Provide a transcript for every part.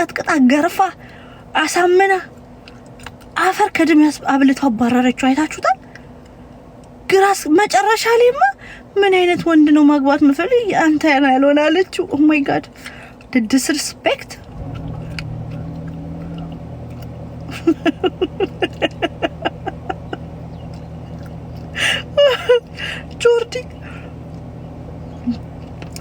ቀጥቅጣ ገርፋ አሳምና አፈር ከድሜ አብልቶ አባረረችው። አይታችሁታል። ግራስ መጨረሻ ላይማ ምን አይነት ወንድ ነው ማግባት ምፈልግ አንተ ያና ያልሆነ አለችው። ኦ ማይ ጋድ ዲስሪስፔክት ጆርዲ።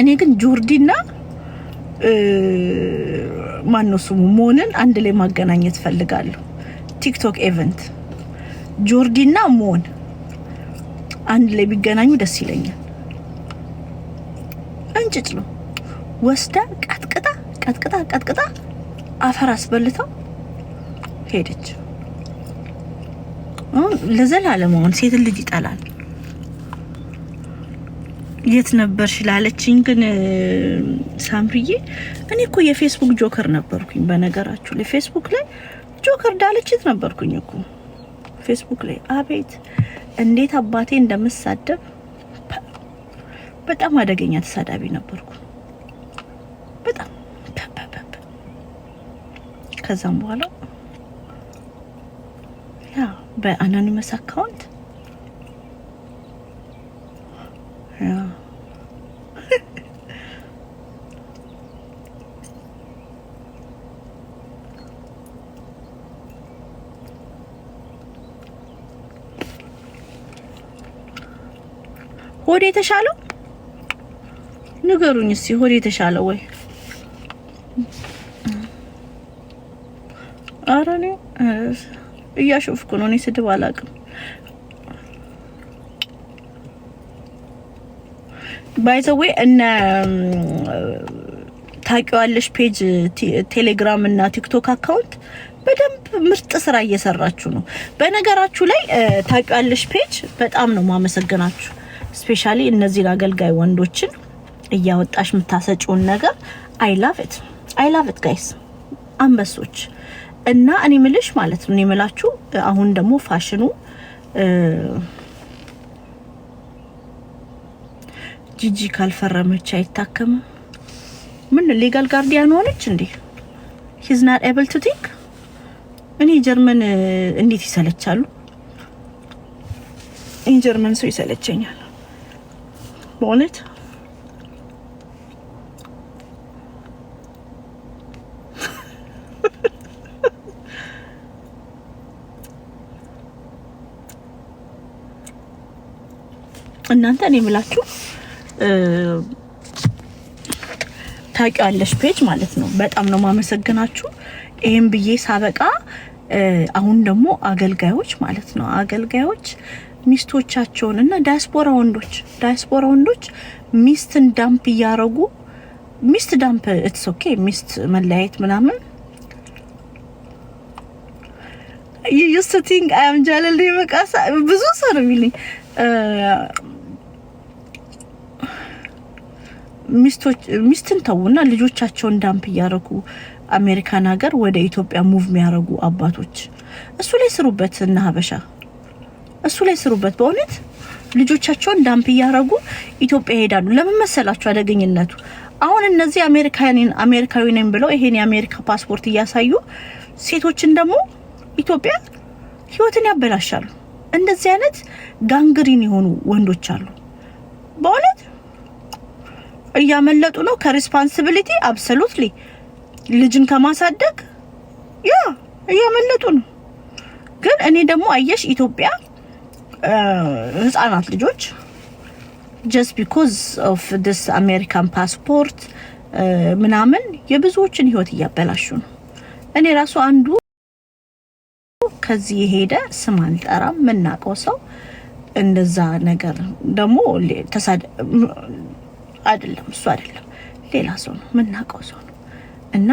እኔ ግን ጆርዲና ማነው ስሙ ሞንን አንድ ላይ ማገናኘት ፈልጋለሁ። ቲክቶክ ኤቨንት ጆርዲና ሞን አንድ ላይ ቢገናኙ ደስ ይለኛል። እንጭጭ ነው ወስዳ ቀጥቅጣ ቀጥቅጣ ቀጥቅጣ አፈር አስበልተው ሄደች። ለዘላለም አሁን ሴትን ልጅ ይጠላል። የት ነበርሽ ላለችኝ ግን ሳምርዬ እኔ እኮ የፌስቡክ ጆከር ነበርኩኝ። በነገራችሁ ላይ ፌስቡክ ላይ ጆከር ዳልችት ነበርኩኝ እኮ ፌስቡክ ላይ አቤት እንዴት አባቴ እንደምሳደብ በጣም አደገኛ ተሳዳቢ ነበርኩ። በጣም ከዛም በኋላ ያ በአናኒመስ አካውንት ሆዴ የተሻለው ንገሩኝ እስቲ ሆድ የተሻለው ወይ? ኧረ እኔ እያሾፍኩ ነው። እኔ ስድብ አላውቅም። ባይዘዌ እነ ታውቂዋለሽ ፔጅ ቴሌግራም እና ቲክቶክ አካውንት በደንብ ምርጥ ስራ እየሰራችሁ ነው። በነገራችሁ ላይ ታውቂዋለሽ ፔጅ በጣም ነው ማመሰግናችሁ። ስፔሻሊ እነዚህን አገልጋይ ወንዶችን እያወጣሽ የምታሰጭውን ነገር አይ ላቭት አይ ጋይስ አንበሶች እና እኔ ምልሽ ማለት ነው። እኔ ምላችሁ አሁን ደግሞ ፋሽኑ ጂጂ ካልፈረመች አይታከምም። ምን ሌጋል ጋርዲያን ሆነች እንዴ? ሂዝ ናት ኤብል ቱ ቲንክ። እኔ ጀርመን እንዴት ይሰለቻሉ። እኔ ጀርመን ሰው ይሰለቸኛል። bonnet. እናንተ እኔ የምላችሁ ታውቂዋለሽ ፔጅ ማለት ነው። በጣም ነው ማመሰግናችሁ። ይህም ብዬ ሳበቃ አሁን ደግሞ አገልጋዮች ማለት ነው አገልጋዮች ሚስቶቻቸውን እና ዳያስፖራ ወንዶች ዳያስፖራ ወንዶች ሚስትን ዳምፕ እያረጉ ሚስት ዳምፕ እትስ ኦኬ ሚስት መለያየት ምናምን ዩስቲንግ አም ጃለል በቃሳ ብዙ ሰው ነው የሚልኝ ሚስቶች ሚስትን ተዉና ልጆቻቸውን ዳምፕ እያረጉ አሜሪካን ሀገር ወደ ኢትዮጵያ ሙቭ የሚያደርጉ አባቶች እሱ ላይ ስሩበት እና ሀበሻ እሱ ላይ ስሩበት። በእውነት ልጆቻቸውን ዳምፕ እያረጉ ኢትዮጵያ ይሄዳሉ። ለምን መሰላችሁ? አደገኝነቱ አሁን እነዚህ አሜሪካንን አሜሪካዊ ነኝ ብለው ይሄን የአሜሪካ ፓስፖርት እያሳዩ ሴቶችን ደግሞ ኢትዮጵያ ህይወትን ያበላሻሉ። እንደዚህ አይነት ጋንግሪን የሆኑ ወንዶች አሉ። በእውነት እያመለጡ ነው ከሪስፓንሲቢሊቲ አብሶሉትሊ ልጅን ከማሳደግ ያ እያመለጡ ነው። ግን እኔ ደግሞ አየሽ ኢትዮጵያ ህጻናት ልጆች ጀስት ቢኮዝ ኦፍ ዲስ አሜሪካን ፓስፖርት ምናምን የብዙዎችን ህይወት እያበላሹ ነው። እኔ ራሱ አንዱ ከዚህ የሄደ ስም አልጠራም የምናውቀው ሰው እንደዛ ነገር ደግሞ አይደለም እሱ አይደለም ሌላ ሰው ነው የምናውቀው ሰው ነው እና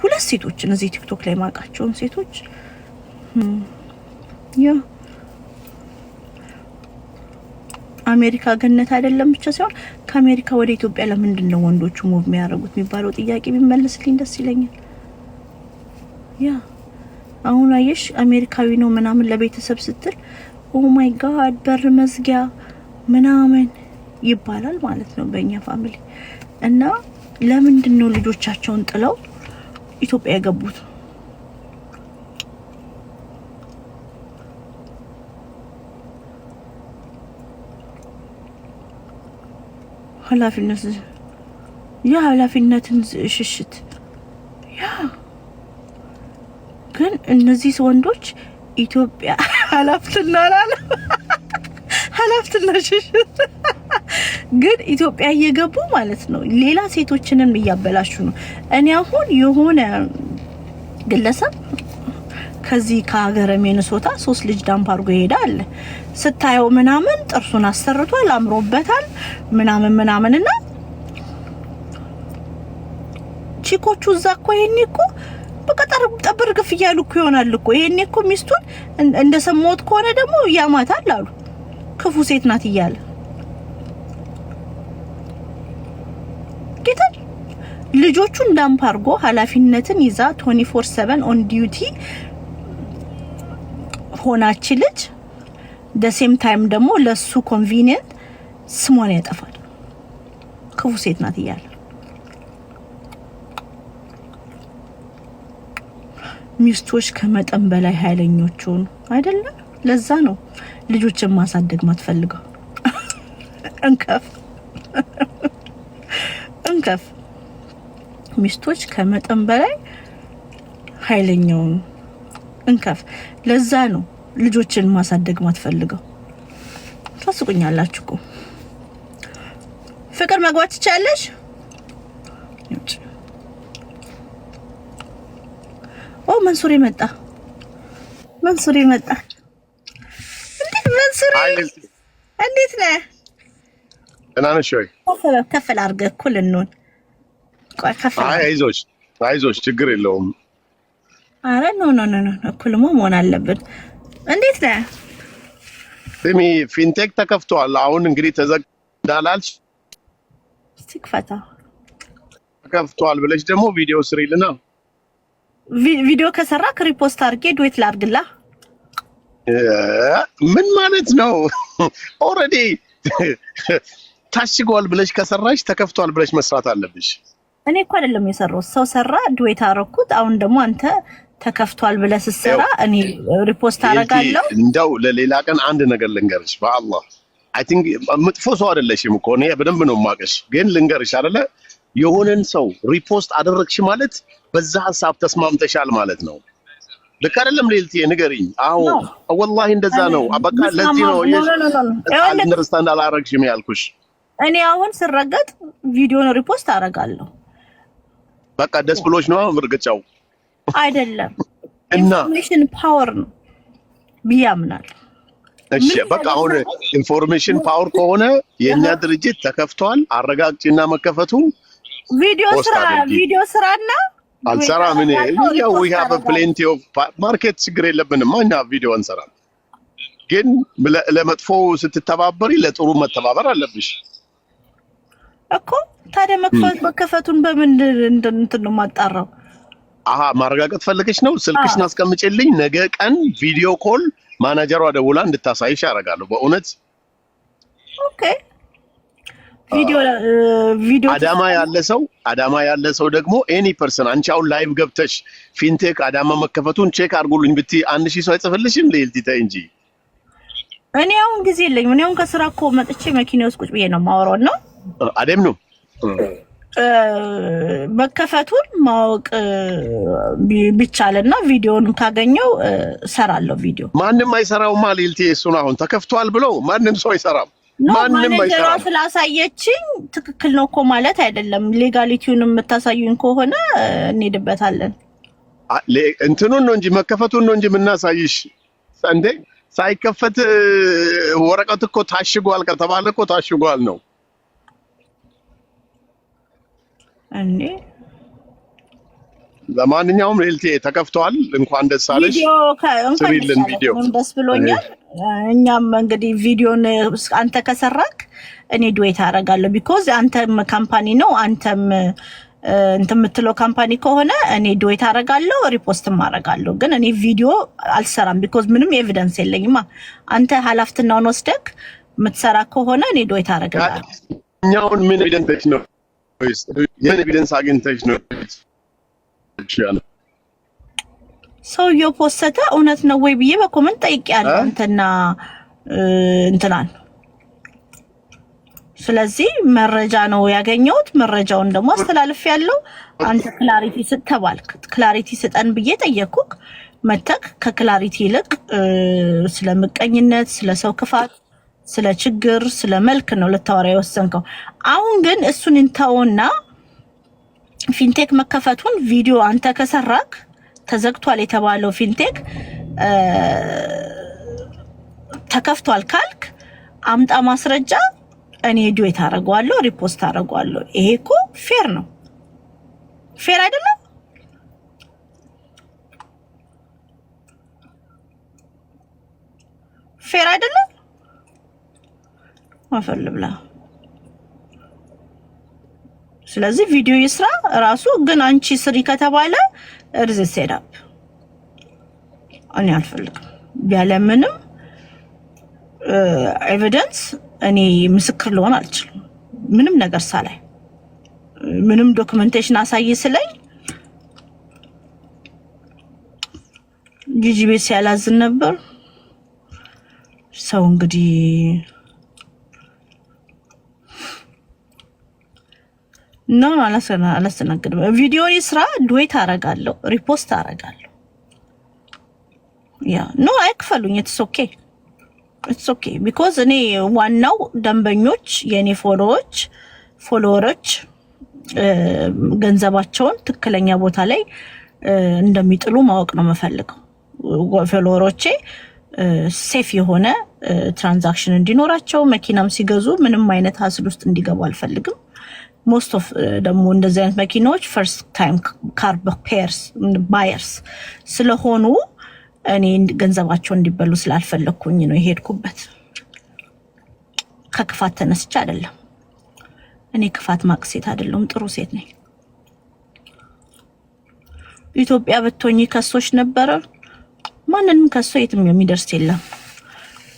ሁለት ሴቶችን እዚህ ቲክቶክ ላይ ማውቃቸውን ሴቶች አሜሪካ ገነት አይደለም ብቻ ሳይሆን ከአሜሪካ ወደ ኢትዮጵያ ለምንድን ነው ወንዶቹ ሙቭ የሚያደርጉት የሚባለው ጥያቄ ቢመለስልኝ ደስ ይለኛል። ያ አሁን አየሽ አሜሪካዊ ነው ምናምን ለቤተሰብ ስትል ኦ ማይ ጋድ በር መዝጊያ ምናምን ይባላል ማለት ነው በእኛ ፋሚሊ። እና ለምንድን ነው ልጆቻቸውን ጥለው ኢትዮጵያ የገቡት? ኃላፊነት የኃላፊነትን ሽሽት ያ ግን እነዚህ ወንዶች ኢትዮጵያ ኃላፍትና ላለ ኃላፍትና ሽሽት ግን ኢትዮጵያ እየገቡ ማለት ነው። ሌላ ሴቶችንም እያበላሹ ነው። እኔ አሁን የሆነ ግለሰብ ከዚህ ከሀገረ ሜንሶታ ሶስት ልጅ ዳምፕ አድርጎ ይሄዳል። ስታየው ምናምን ጥርሱን አሰርቷል፣ አምሮበታል፣ ምናምን ምናምን እና ቺኮቹ እዛ እኮ ይሄኔ እኮ በቀጠር ጠብር ግፍ እያሉ እኮ ይሆናል እኮ ይሄኔ እኮ ሚስቱን እንደ ሰማሁት ከሆነ ደግሞ ያማታል አሉ ክፉ ሴት ናት እያለ ጌታ ልጆቹን ዳምፕ አድርጎ ኃላፊነትን ይዛ 24/7 ኦን ዲዩቲ ሆናች ልጅ ደሴም ታይም ደግሞ ለሱ ኮንቪኒየንት ስሟን ያጠፋል። ክፉ ሴት ናት እያለ ሚስቶች ከመጠን በላይ ኃይለኞች ሆኑ አይደለም። ለዛ ነው ልጆችን ማሳደግ ማትፈልገው። እንከፍ እንከፍ ሚስቶች ከመጠን በላይ ኃይለኛውን እንከፍ። ለዛ ነው ልጆችን ማሳደግ ማትፈልገው? ታስቁኛላችሁ እኮ። ፍቅር መግባት ትችያለሽ። ኦ መንሱሬ መጣ፣ መንሱሬ መጣ። እንዴት መንሱሬ፣ እንዴት ነህ? ደህና ነሽ ወይ? ከፍል አድርገህ እኩል እንሆን። አይዞሽ አይዞሽ፣ ችግር የለውም። አረ ኖ ኖ ኖ፣ እኩልማ መሆን አለብን። እንዴት ነህ? ስሚ ፊንቴክ ተከፍቷል። አሁን እንግዲህ ተዘጋ እንዳላልሽ ተከፍቷል ብለሽ ደግሞ ቪዲዮ ስሪልና ቪዲዮ ከሰራክ ሪፖስት አድርጌ ዱዌት ላድርግላ። ምን ማለት ነው? ኦልሬዲ ታሽጓል ብለሽ ከሰራሽ ተከፍቷል ብለሽ መስራት አለብሽ። እኔ እኮ አይደለም የሰራው ሰው ሰራ ዱዌት አደረኩት። አሁን ደግሞ አንተ ተከፍቷል ብለህ ስትሰራ እኔ ሪፖስት አደርጋለሁ። እንደው ለሌላ ቀን አንድ ነገር ልንገርሽ፣ በአላህ አይ ቲንክ መጥፎ ሰው አይደለሽም እኮ እኔ በደንብ ነው የማውቅሽ፣ ግን ልንገርሽ አይደለ የሆነን ሰው ሪፖስት አደረግሽ ማለት በዛ ሀሳብ ተስማምተሻል ማለት ነው። ልክ አይደለም ሌልቲ ንገሪኝ። አዎ ወላሂ እንደዛ ነው። በቃ ለዚህ ነው አንደርስታንድ አላረግሽም ያልኩሽ። እኔ አሁን ስረገጥ ቪዲዮን ሪፖስት አደርጋለሁ። በቃ ደስ ብሎሽ ነው ምርግጫው አይደለም። ኢንፎርሜሽን ፓወር ነው ብዬ አምናለሁ። እሺ በቃ አሁን ኢንፎርሜሽን ፓወር ከሆነ የእኛ ድርጅት ተከፍቷል። አረጋግጭና መከፈቱን ቪዲዮ ስራ ቪዲዮ ስራና አንሰራ ምን ያው we have ፕሌንቲ ኦፍ ማርኬት ችግር የለብንም። እኛ ቪዲዮ አንሰራ፣ ግን ለመጥፎ ስትተባበሪ ለጥሩ መተባበር አለብሽ እኮ። ታዲያ መከፈቱን በምን እንትን ነው የማጣራው? አሀ ማረጋገጥ ፈልገች ነው። ስልክሽን አስቀምጪልኝ፣ ነገ ቀን ቪዲዮ ኮል ማናጀሯ ደውላ እንድታሳይሽ አደርጋለሁ። በእውነት ኦኬ። ቪዲዮ አዳማ ያለ ሰው አዳማ ያለ ሰው ደግሞ ኤኒ ፐርሰን አንቺ አሁን ላይቭ ገብተሽ ፊንቴክ አዳማ መከፈቱን ቼክ አድርጉልኝ ብትይ አንድ ሺህ ሰው አይጽፍልሽም። ልዕልት ተይ እንጂ እኔ አሁን ጊዜ የለኝም። እኔ አሁን ከስራ እኮ መጥቼ መኪና ውስጥ ቁጭ ብዬ ነው የማወራው ነው አደም ነው መከፈቱን ማወቅ ቢቻልና ቪዲዮን ካገኘው እሰራለሁ። ቪዲዮ ማንም አይሰራውማ ሊልቲ እሱን አሁን ተከፍቷል ብሎ ማንም ሰው አይሰራም። ማኔጀሯ ስላሳየችኝ ትክክል ነው እኮ ማለት አይደለም። ሌጋሊቲውን የምታሳዩኝ ከሆነ እንሄድበታለን። እንትኑን ነው እንጂ መከፈቱን ነው እንጂ የምናሳይሽ እንዴ። ሳይከፈት ወረቀት እኮ ታሽጓል ከተባለ እኮ ታሽጓል ነው እንዴ ለማንኛውም ሄልቴ ተከፍተዋል። እንኳን ደስ አለሽ። ስሪልን ቪዲዮ ደስ ብሎኛል። እኛም እንግዲህ ቪዲዮን አንተ ከሰራክ እኔ ድዌት አደርጋለሁ። ቢኮዝ አንተም ካምፓኒ ነው አንተም እንትን የምትለው ካምፓኒ ከሆነ እኔ ድዌት አደርጋለሁ፣ ሪፖስትም አደርጋለሁ። ግን እኔ ቪዲዮ አልሰራም፣ ቢኮዝ ምንም ኤቪደንስ የለኝማ። አንተ ሀላፍትናውን ወስደክ የምትሰራ ከሆነ እኔ ድዌት አደርጋለሁ። እኛውን ምን ኤቪደንስ ነው ወይስ ኤቪደንስ አግኝተሽ ነው? ሰውየው ፖሰተ እውነት ነው ወይ ብዬ በኮመንት ጠይቄያለሁ። እንትና እንትናን ስለዚህ መረጃ ነው ያገኘሁት። መረጃውን ደግሞ አስተላልፍ ያለው አንተ ክላሪቲ ስተባልክ ክላሪቲ ስጠን ብዬ ጠየቅኩክ። መተክ ከክላሪቲ ይልቅ ስለ ምቀኝነት ስለ ሰው ክፋት ስለ ችግር፣ ስለ መልክ ነው ልታወራ የወሰንከው። አሁን ግን እሱን እንተውና ፊንቴክ መከፈቱን ቪዲዮ አንተ ከሰራክ ተዘግቷል የተባለው ፊንቴክ ተከፍቷል ካልክ አምጣ ማስረጃ። እኔ ዱዌት አደርገዋለሁ፣ ሪፖስት አደርገዋለሁ። ይሄ እኮ ፌር ነው። ፌር አይደለም? ፌር አይደለም? አፈር ልብላ። ስለዚህ ቪዲዮ ይስራ ራሱ ግን አንቺ ስሪ ከተባለ እርዝ ሴዳፕ እኔ አልፈልግም። ያለምንም ኤቪደንስ እኔ ምስክር ልሆን አልችልም። ምንም ነገር ሳላይ ምንም ዶክመንቴሽን አሳይ ስለኝ ጂጂ ቤት ሲያላዝን ነበር ሰው እንግዲህ ኖ አላስተናግድም። ቪዲዮ ስራ ድዌት አረጋለሁ፣ ሪፖስት አረጋለሁ። ያ ኖ አይክፈሉኝ። ኢትስ ኦኬ ኢትስ ኦኬ ቢኮዝ እኔ ዋናው ደንበኞች የእኔ ፎሎዎች ፎሎወሮች ገንዘባቸውን ትክክለኛ ቦታ ላይ እንደሚጥሉ ማወቅ ነው የምፈልገው። ፎሎወሮቼ ሴፍ የሆነ ትራንዛክሽን እንዲኖራቸው መኪናም ሲገዙ ምንም አይነት ሀስል ውስጥ እንዲገቡ አልፈልግም። ሞስት ኦፍ uh, ደግሞ እንደዚህ አይነት መኪናዎች ፈርስት ታይም ካር ፔርስ ባየርስ ስለሆኑ እኔ ገንዘባቸው እንዲበሉ ስላልፈለግኩኝ ነው የሄድኩበት። ከክፋት ተነስቼ አይደለም። እኔ ክፋት ማቅሴት ሴት አይደለሁም፣ ጥሩ ሴት ነኝ። ኢትዮጵያ ብትሆኚ ከሶች ነበረ። ማንንም ከሶ የትም የሚደርስ የለም።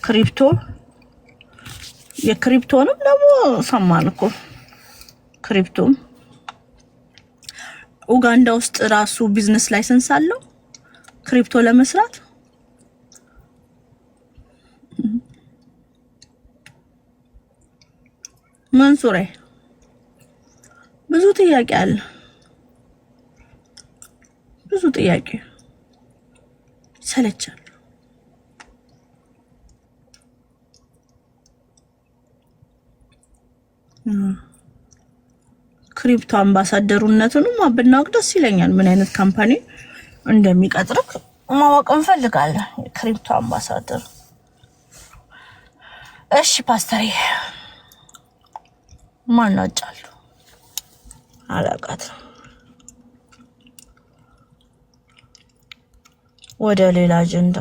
ክሪፕቶ የክሪፕቶንም ደግሞ ሰማን እኮ ክሪፕቶም ኡጋንዳ ውስጥ ራሱ ቢዝነስ ላይሰንስ አለው ክሪፕቶ ለመስራት መንሱሬ ብዙ ጥያቄ አለ። ብዙ ጥያቄ ሰለቻል። ክሪፕቶ አምባሳደሩነቱንም ብናውቅ ደስ ይለኛል። ምን አይነት ካምፓኒ እንደሚቀጥርክ ማወቅ እንፈልጋለን። ክሪፕቶ አምባሳደር። እሺ ፓስተሬ ማናጫሉ አላቃት ወደ ሌላ አጀንዳ